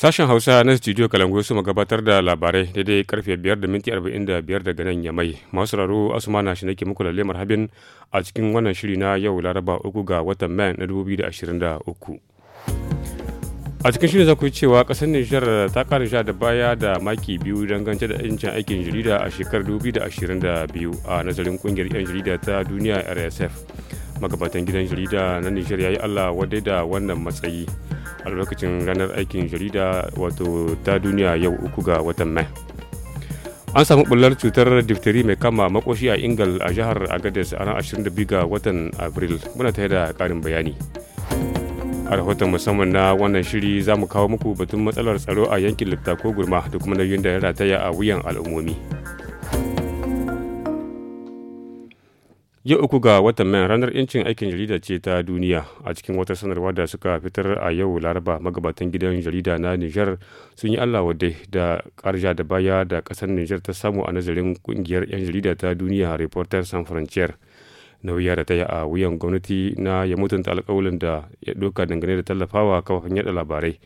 Sashen Hausa na Studio Kalangu su gabatar da labarai daidai karfe 5 da minti 45 daga nan ya mai. Masu raro Asumana shi nake muku lalle marhabin a cikin wannan shiri na yau Laraba uku ga watan Mai na 2023. A cikin shirin za ku yi cewa ƙasar Nijar ta ƙara sha da baya da maki biyu dangance da yancin aikin jarida a shekarar 2022 a nazarin ƙungiyar 'yan jarida ta duniya RSF. magabatan gidan jarida na nijar ya yi allah wadai da wannan matsayi a lokacin ranar aikin jarida wato ta duniya yau uku ga watan mai an samu bullar cutar difteri mai kama makoshi a ingal a jihar agadez a ran 22 ga watan abril muna tare da karin bayani a rahoton musamman na wannan shiri za mu kawo muku batun matsalar tsaro a yankin littako gurma da kuma nauyin da ya rataya a wuyan al'ummomi. Yau uku ga watan mai ranar 'yancin aikin jarida ce ta duniya a cikin wata sanarwa da suka fitar a yau Laraba magabatan gidan jarida na Nijar sun yi Allah wadai da karja da baya da kasar Nijar ta samu a nazarin kungiyar 'yan jarida ta duniya reporter san Frontier. Nauyi da ta yi a wuyan gwamnati na ya mutunta alkawalin da ya doka dangane da tallafawa kafafen yada labarai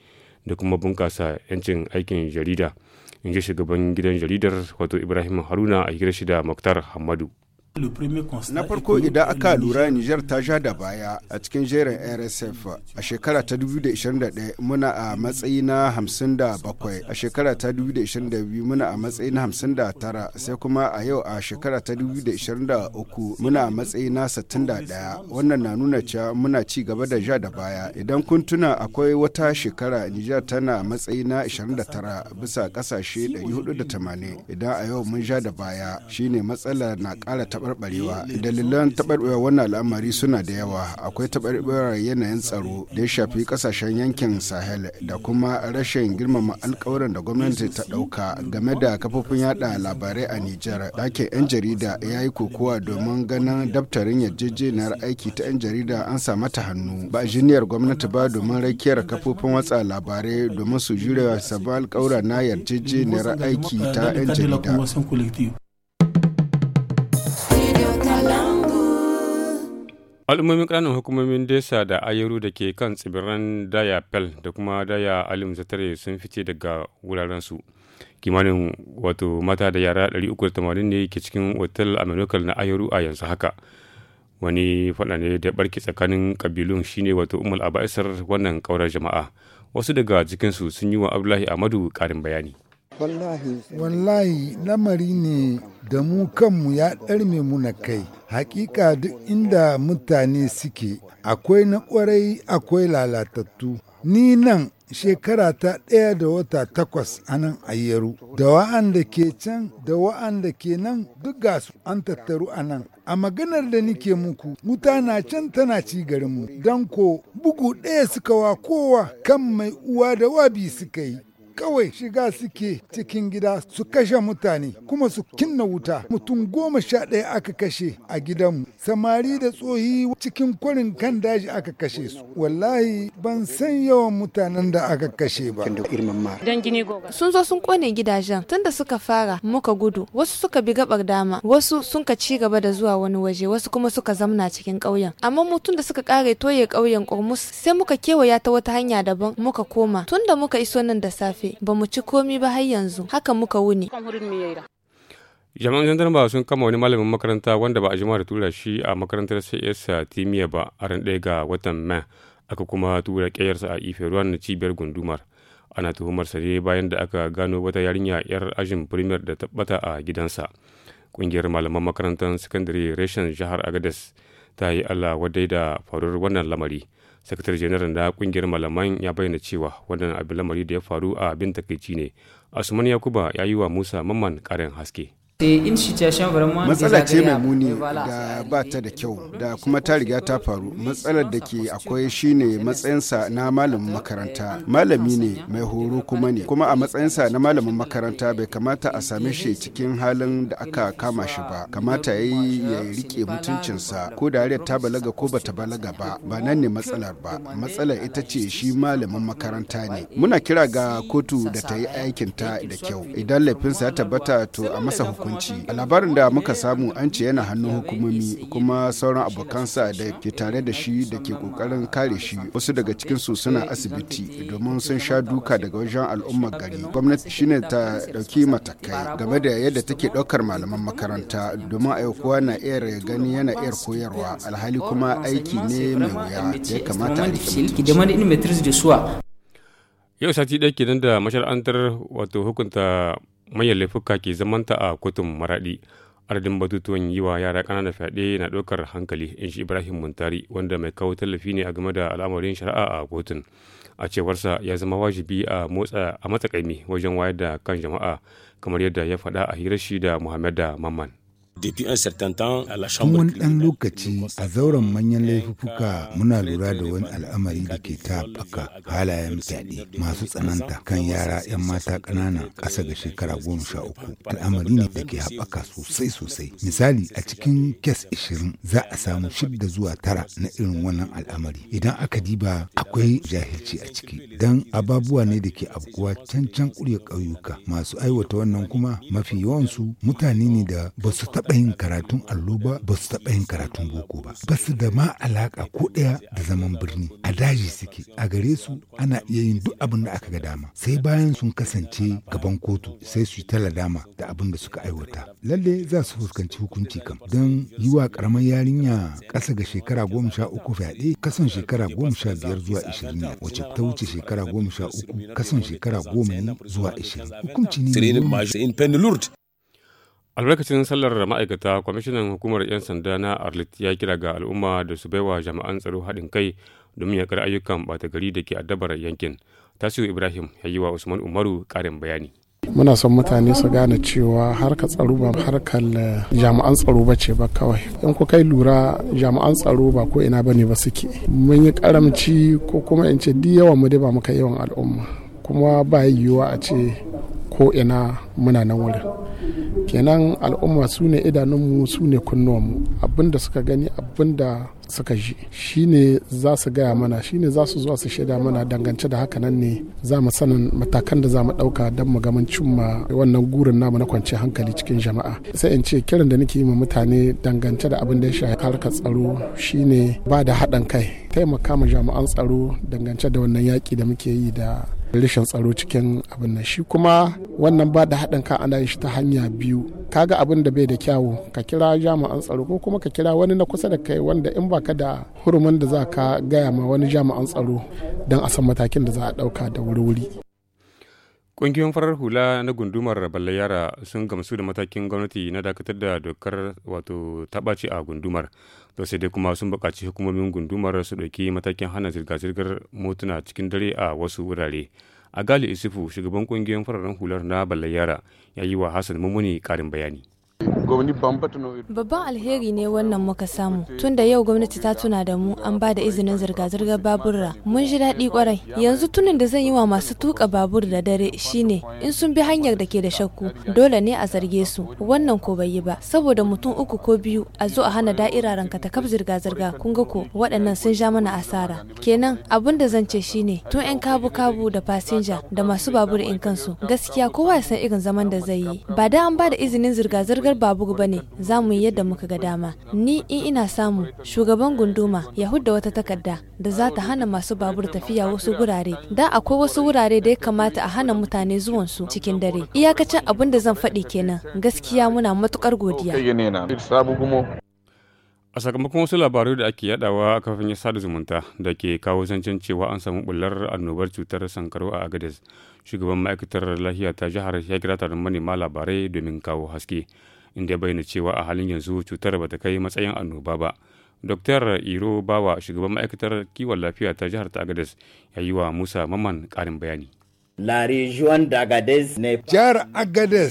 da kuma bunkasa 'yancin aikin jarida. In ji shugaban gidan jaridar wato Ibrahim Haruna a shi da Muktar Hamadu. Na farko idan aka lura Nijar ta ja da baya a cikin jerin RSF a shekara ta 2021 muna a matsayi na 57 a shekara ta 2022 muna a matsayi na 59 sai kuma a yau a shekara ta 2023 muna a matsayi na 61 wannan na nuna cewa muna ci gaba da ja da baya idan kun tuna akwai wata shekara Nijar tana matsayi na 29 bisa kasashe 480 idan a yau mun ja da baya shine matsalar na kara taba taɓarɓarewa dalilan taɓarɓarewa wannan al'amari suna da yawa akwai taɓarɓarewar yanayin tsaro da ya shafi ƙasashen yankin sahel da kuma rashin girmama alkawarin da gwamnati ta ɗauka game da kafofin yada labarai a nijar ɗakin 'yan jarida ya yi kokowa domin ganin daftarin yarjejeniyar aiki ta 'yan jarida an sa mata hannu ba jiniyar gwamnati ba domin rakiyar kafofin watsa labarai domin su jure sabbin alƙawura na yarjejeniyar aiki ta 'yan jarida al'ummomin ƙananan hukumomin desa da ayaru da ke kan tsibiran daya pel da kuma daya alim zatare sun fice daga wurarensu kimanin wato mata da yara 380 ne ke cikin otal aminokal na ayaru a yanzu haka wani faɗa ne da barke tsakanin kabilun shine wato umar abaisar wannan ƙaurar jama'a wasu daga cikinsu sun yi wa abdullahi amadu ƙarin bayani Wallahi lamari ne da mu kanmu ya ɗarme mu na kai. Hakika duk inda mutane suke, akwai na ƙwarai akwai lalatattu. Ni nan shekara ta ɗaya da wata takwas a nan ayyaru da wa'anda ke can da wa'anda ke nan duk ga an tattaru a nan a maganar da nike muku wuta na can tana ci garinmu don ko bugu ɗaya suka wa kowa kan mai uwa da wabi suka yi kawai shiga suke cikin gida su kashe mutane kuma su kinna wuta mutum goma sha ɗaya aka kashe a gidanmu samari da tsohi cikin kwarin kan daji aka kashe su wallahi ban san yawan mutanen da aka kashe ba sun zo sun kone gidajen tunda suka fara muka gudu wasu suka bi gabar dama wasu sun ka ci gaba da zuwa wani waje wasu kuma suka zamna cikin ƙauyen amma mutum da suka kare toye ƙauyen ƙormus sai muka kewaya ta wata hanya daban muka koma tunda muka iso nan da safe safe ba mu ci komi ba har yanzu haka muka wuni. jami'an ba sun kama wani malamin makaranta wanda ba a jima da tura shi a makarantar cs timiya ba a ran ɗaya ga watan mai aka kuma tura ƙeyarsa a ife ruwan na cibiyar gundumar ana tuhumar sa ne bayan da aka gano wata yarinya yar ajin premier da tabbata a gidansa ƙungiyar malaman makarantar sakandare reshen jihar agadez ta yi allah wadai da faruwar wannan lamari sakatare janar da kungiyar malaman ya bayyana cewa wannan abin lamari da ya faru a abin takaici ne asuman yakuba ya yi wa musa mamman karin haske Eh, matsala ce mai muni eh, da ba ta da kyau da kuma ta riga ta faru matsalar da ke akwai shine matsayinsa na malamin makaranta malami ne mai horo kuma ne kuma a matsayinsa na malamin makaranta bai kamata a same shi cikin halin da aka kama shi ba kamata ya yi ya rike mutuncinsa ko da hariyar ta balaga ko bata balaga ba ba nan ne matsalar ba matsalar ita ce shi malamin makaranta ne muna kira ga kotu da ta yi aikinta da kyau idan laifinsa ya tabbata to a masa hukunci. A labarin da muka samu an ce yana hannun hukumomi kuma sauran abokansa da ke tare da shi da ke kokarin kare shi wasu daga cikin su suna asibiti domin sun sha duka daga wajen al'umma gari. Gwamnati shine ta dauki matakai game da yadda take daukar malaman makaranta domin aikowa na iya gani yana iya koyarwa alhali kuma aiki ne mai wuya ya kamata a Yau sati ɗaya kenan da mashar'antar wato hukunta manyan laifuka ke zamanta a kotun maraɗi adadin batutuwan yi wa yara ƙananan fyaɗe na ɗaukar hankali in shi ibrahim muntari wanda mai kawo tallafi ne a game da al'amarin shari'a a kotun a cewarsa ya zama wajibi a motsa a matsakaimi wajen wayar da kan jama'a kamar yadda ya faɗa a hirar shi da muhammad da mamman Tun wani ɗan lokaci a zauren manyan eh, laifuka muna eh, lura da wani eh, al'amari da ke ta baka halayen fyaɗe masu tsananta kan yara 'yan mata ƙanana ƙasa ga shekara goma sha uku. Al'amari ne da ke haɓaka sosai sosai. Misali a cikin kes ishirin za a samu shidda zuwa tara na irin wannan al'amari. Idan aka diba akwai jahilci a ciki don ababuwa ne da ke abuwa can can ƙauye ƙauyuka masu aiwata wannan kuma mafi yawansu mutane ne da ba su taɓa taɓa yin karatun allo ba ba su taɓa yin karatun boko ba ba su da ma alaƙa ko ɗaya da zaman birni a daji suke a gare su ana iya yin duk abin da aka ga dama sai bayan sun kasance gaban kotu sai su yi tala dama da abin da suka aiwata lalle za su fuskanci hukunci kam don yi wa karamar yarinya ƙasa ga shekara goma sha uku fyaɗe kasan shekara goma sha biyar zuwa ishirin ne wacce ta wuce shekara goma sha uku kasan shekara goma ne zuwa ishirin hukunci ne albarkacin sallar ma'aikata kwamishinan hukumar 'yan sanda na arlit ya kira ga al'umma da su baiwa jami'an tsaro haɗin kai domin yakar ayyukan bata gari da ke addabar yankin tasiru ibrahim ya yi wa usman umaru ƙarin bayani muna son mutane su gane cewa harkar tsaro ba harkar eh, jami'an tsaro ba ce ba kawai in ku kai lura jami'an tsaro ba ko ina bane ba suke mun yi karamci ko kuma in ce duk yawan mu dai ba muka yawan al'umma kuma ba yiwuwa a ce ko ina muna nan wurin kenan al'umma su ne idanunmu su ne kunnuwanmu abinda suka gani abinda suka ji shi ne za su gaya mana shi ne za su zuwa su shaida mana dangance da haka nan ne za mu sanin matakan da za mu ɗauka don mu gaman cimma wannan gurin namu na kwanciyar hankali cikin jama'a sai in ce kiran da nake yi ma mutane dangance da abin da ya shafi harkar tsaro shi ne ba da haɗin kai taimaka ma jami'an tsaro dangance da wannan yaƙi da muke yi da rashin tsaro cikin abin nan shi kuma wannan ba da haɗin ka ana shi ta hanya biyu kaga abin da bai da kyawu ka kira jami'an tsaro ko kuma ka kira wani na kusa da kai wanda in baka da hurumin da za ka gaya ma wani jami'an tsaro don a san matakin da za a ɗauka da wuri-wuri Ƙungiyoyin farar hula na gundumar balla-yara sun gamsu da matakin gwamnati na dakatar da dokar wato taɓaci a gundumar. To sai dai kuma sun buƙaci hukumomin gundumar su ɗauki matakin hana zirga-zirgar motuna cikin dare a wasu wurare. A Gali Isufu, shugaban ƙungiyoyin fararen hular na yara ya yi wa Hassan Mumuni ƙarin bayani. Babban alheri ne wannan muka samu. Tun da yau gwamnati ta tuna da mu an ba da izinin zirga-zirgar babura. Mun ji daɗi kwarai. Yanzu tunin da zan yi wa masu tuka babur da dare shine in sun bi hanyar da ke da shakku dole ne a zarge su. Wannan ko bai yi ba saboda mutum uku ko biyu a zo a hana da'ira ranka ta kaf zirga-zirga kun ga ko waɗannan sun ja mana asara. Kenan abin da zan ce shine tun 'yan kabu-kabu da fasinja da masu babur in kansu gaskiya kowa ya san irin zaman da zai yi. Ba da an ba da izinin zirga-zirgar babur a ba ne za mu yi yadda muka ga dama ni in ina samu shugaban gunduma ya hudda wata takarda da za ta hana masu babur tafiya wasu wurare da akwai wasu wurare da ya kamata a hana mutane zuwan su cikin dare iyakacin abin da zan faɗi kenan gaskiya muna matukar godiya a sakamakon wasu labaru da ake yadawa a kafin sada zumunta da ke kawo zancen cewa an samu bullar annobar cutar sankaro a agades shugaban ma'aikatar lahiya ta jihar ya kira taron manema labarai domin kawo haske inda ya bayyana cewa a halin yanzu cutar bata kai matsayin annoba ba Dr. Iro Bawa shugaban ma'aikatar kiwon lafiya ta jihar Tagadas ya yi wa Musa Maman ƙarin bayani. La région d'Agadez ne Jihar Agadez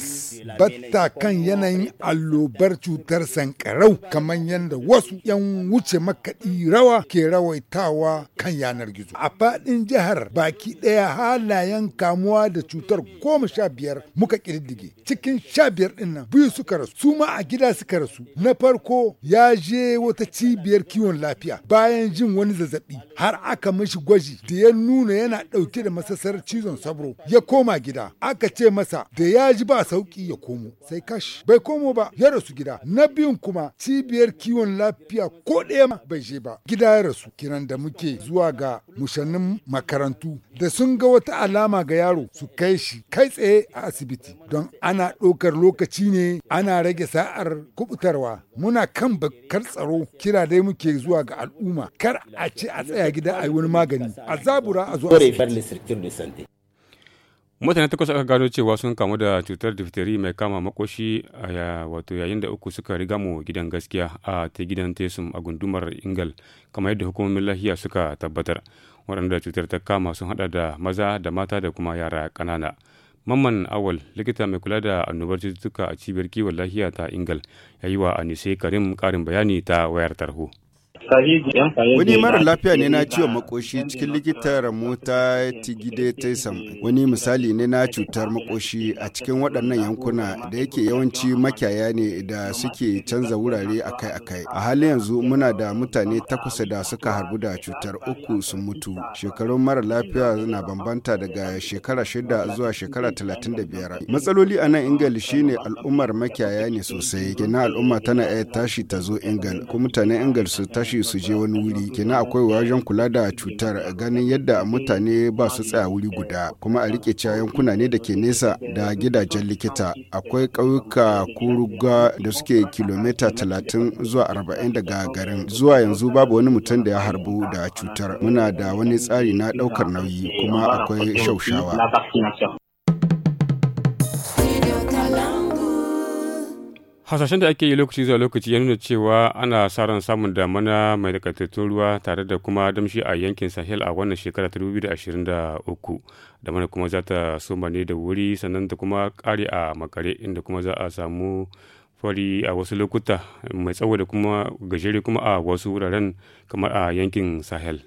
batta kan yanayin allobar cutar sankarau kamar yadda wasu 'yan wuce makaɗi rawa ke rawaitawa kan yanar gizo. A faɗin jihar baki ɗaya halayen kamuwa da cutar goma sha biyar muka ƙididdige. Cikin sha biyar ɗinnan. biyu suka rasu, su ma a gida suka rasu. Na farko ya je wata cibiyar kiwon lafiya bayan jin wani zazzaɓi har aka mishi gwaji da ya nuna yana ɗauke da masasar cizon sama. sabro ya koma gida aka ce masa da ya ji ba sauki ya komo sai kash bai komo ba ya rasu gida na biyun kuma cibiyar kiwon lafiya ko ɗaya ma bai je ba gida ya rasu kiran da muke zuwa ga mushannin makarantu da sun ga wata alama ga yaro su kai shi kai tsaye a asibiti don ana ɗaukar lokaci ne ana rage sa'ar kubutarwa muna kan bakar tsaro kira dai muke zuwa ga al'umma kar a ce a tsaya gida a yi wani magani a zabura a zuwa mutane takwas aka gano cewa sun kamu da cutar difteri mai kama makoshi a wato yayin da uku suka riga mu gidan gaskiya a ta gidan tesum a gundumar ingal kamar yadda hukumomin lahiya suka tabbatar waɗanda cutar ta kama sun hada da maza da mata da kuma yara kanana mamman awal likita mai kula da annobar cututtuka a cibiyar kiwon lahiya ta ingal ya yi wa anise karim karin bayani ta wayar tarho Wani mara lafiya ne na ciwon makoshi cikin likitar mota Tigide Taisam. Wani misali ne na cutar makoshi a cikin waɗannan yankuna da yake yawanci makiyaya ne da suke canza wurare akai-akai. A halin yanzu muna da mutane takwas da suka harbu da cutar uku sun mutu. Shekarun mara lafiya na bambanta daga shekara shida zuwa shekara talatin da biyar. Matsaloli a nan Ingal shine al'ummar makiyaya ne sosai. Kenan al'umma tana iya tashi ta zo Ingal, ko mutanen Ingal su tashi shi su je wani wuri kenan akwai wajen kula da cutar ganin yadda mutane ba su tsaya wuri guda kuma a rike cewa yankuna ne da ke nesa da gidajen likita akwai ƙauyuka kuruga da suke kilomita talatin zuwa arba'in daga garin zuwa yanzu babu wani mutum da ya harbu da cutar muna da wani tsari na ɗaukar nauyi kuma akwai shaushawa hasashen da ake yi lokaci zuwa lokaci ya nuna cewa ana sa ran samun damana mai takaitattun ruwa tare da kuma damshi a yankin sahel a wannan shekara ta 2023 damana kuma za ta soma ne da wuri sannan da kuma kare a makare inda kuma za a samu fari a wasu lokuta mai tsawo da kuma gajere kuma a wasu wuraren kamar a yankin sahel.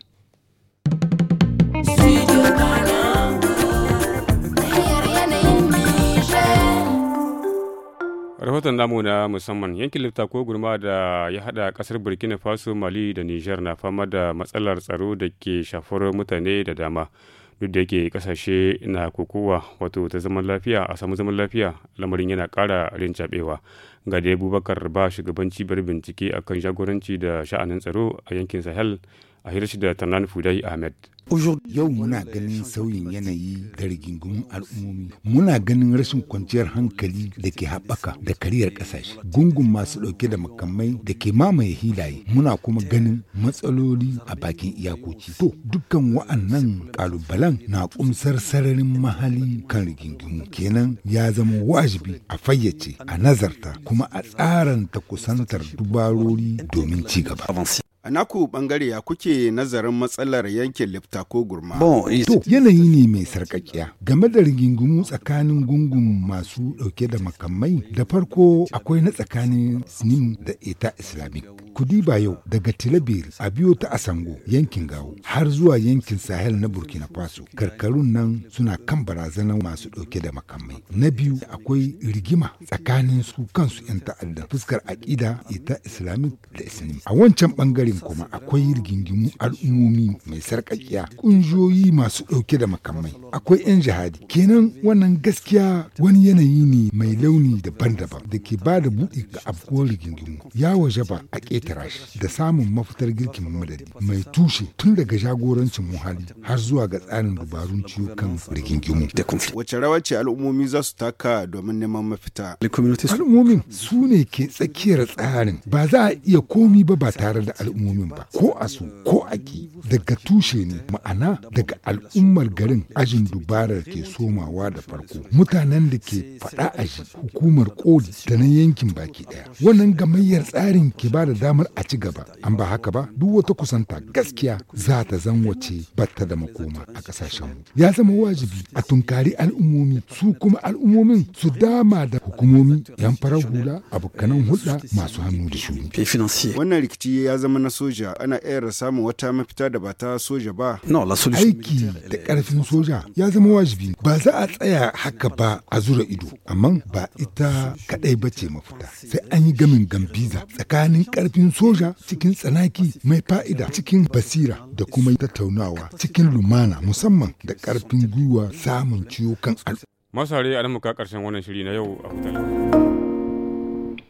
rahoton namu na musamman yankin lifta ko gurma da ya hada kasar burkina faso mali da niger na fama da matsalar tsaro da ke shafar mutane da dama duk da yake kasashe na kokowa wato ta zaman lafiya a samu zaman lafiya lamarin yana kara rincabewa ga ya bubakar ba shugaban cibiyar bincike akan jagoranci da sha'anin tsaro a yankin sahel a hirshi da Tanan Fudai Ahmed. Yau muna ganin sauyin yanayi da rigingimun al'ummomi. Muna ganin rashin kwanciyar hankali da ke haɓaka da kariyar ƙasashe. Gungun masu ɗauke da makamai da ke mamaye hilaye. Muna kuma ganin matsaloli a bakin iyakoki. To, dukkan wa'annan ƙalubalen na ƙumsar sararin mahali kan rigingimu. Kenan ya zama wajibi a fayyace, a nazarta, kuma a tsaranta kusantar dubarori domin ci gaba. A naku bangare ya kuke nazarin matsalar yankin lifta ko gurma? Eh, to yanayi ne mai sarkakiya game da rigingimu tsakanin gungun masu dauke da makamai da farko akwai na tsakanin snin da eta islamic kudi ba yau daga tilabir a biyo ta asango yankin gawo har zuwa yankin sahel na burkina faso karkarun nan suna kan barazanar masu dauke da makamai na biyu akwai rigima tsakanin su kansu yan ta'adda fuskar aƙida ita islamic da islamic a wancan bangare kuma akwai rigingimu al'ummomi mai sarƙaƙiya ƙungiyoyi masu ɗauke da makamai akwai 'yan jihadi kenan wannan gaskiya wani yanayi ne mai launi daban-daban da ke ba da buɗe ga afkuwar rigingimu ya waje ba a ƙetara shi da samun mafitar girkin madadi mai tushe tun daga jagorancin muhali har zuwa ga tsarin dubarun ciwo kan rigingimu wace rawar ce al'ummomi za su taka domin neman mafita al'ummomin su ne ke tsakiyar tsarin ba za a iya komi ba ba tare da al'ummomi hukumomin ba ko a su ko a ki daga tushe ne ma'ana daga al'ummar garin ajin dubarar ke somawa da farko mutanen da ke faɗa a shi hukumar koli da na yankin baki ɗaya wannan gamayyar tsarin ke ba da damar a ci gaba an ba haka ba duk wata kusanta gaskiya za ta zan wace batta da makoma a ƙasashen ya zama wajibi a tunkari al'ummomi su kuma al'ummomin su dama da hukumomi yan farar hula abokanan hulɗa masu hannu da shuni. wannan rikici ya zama na soja ana iya samun wata mafita da ba ta soja ba. Aiki da ƙarfin soja ya zama wajibi ba za a tsaya haka ba a zura ido amma ba ita kaɗai ba ce mafita sai an yi gamin gambiza tsakanin ƙarfin soja cikin tsanaki mai fa'ida cikin basira da kuma tattaunawa cikin lumana musamman da ƙarfin gwiwa samun ciwo kan al'umma. Masare a muka ƙarshen wannan shiri na yau a hutar.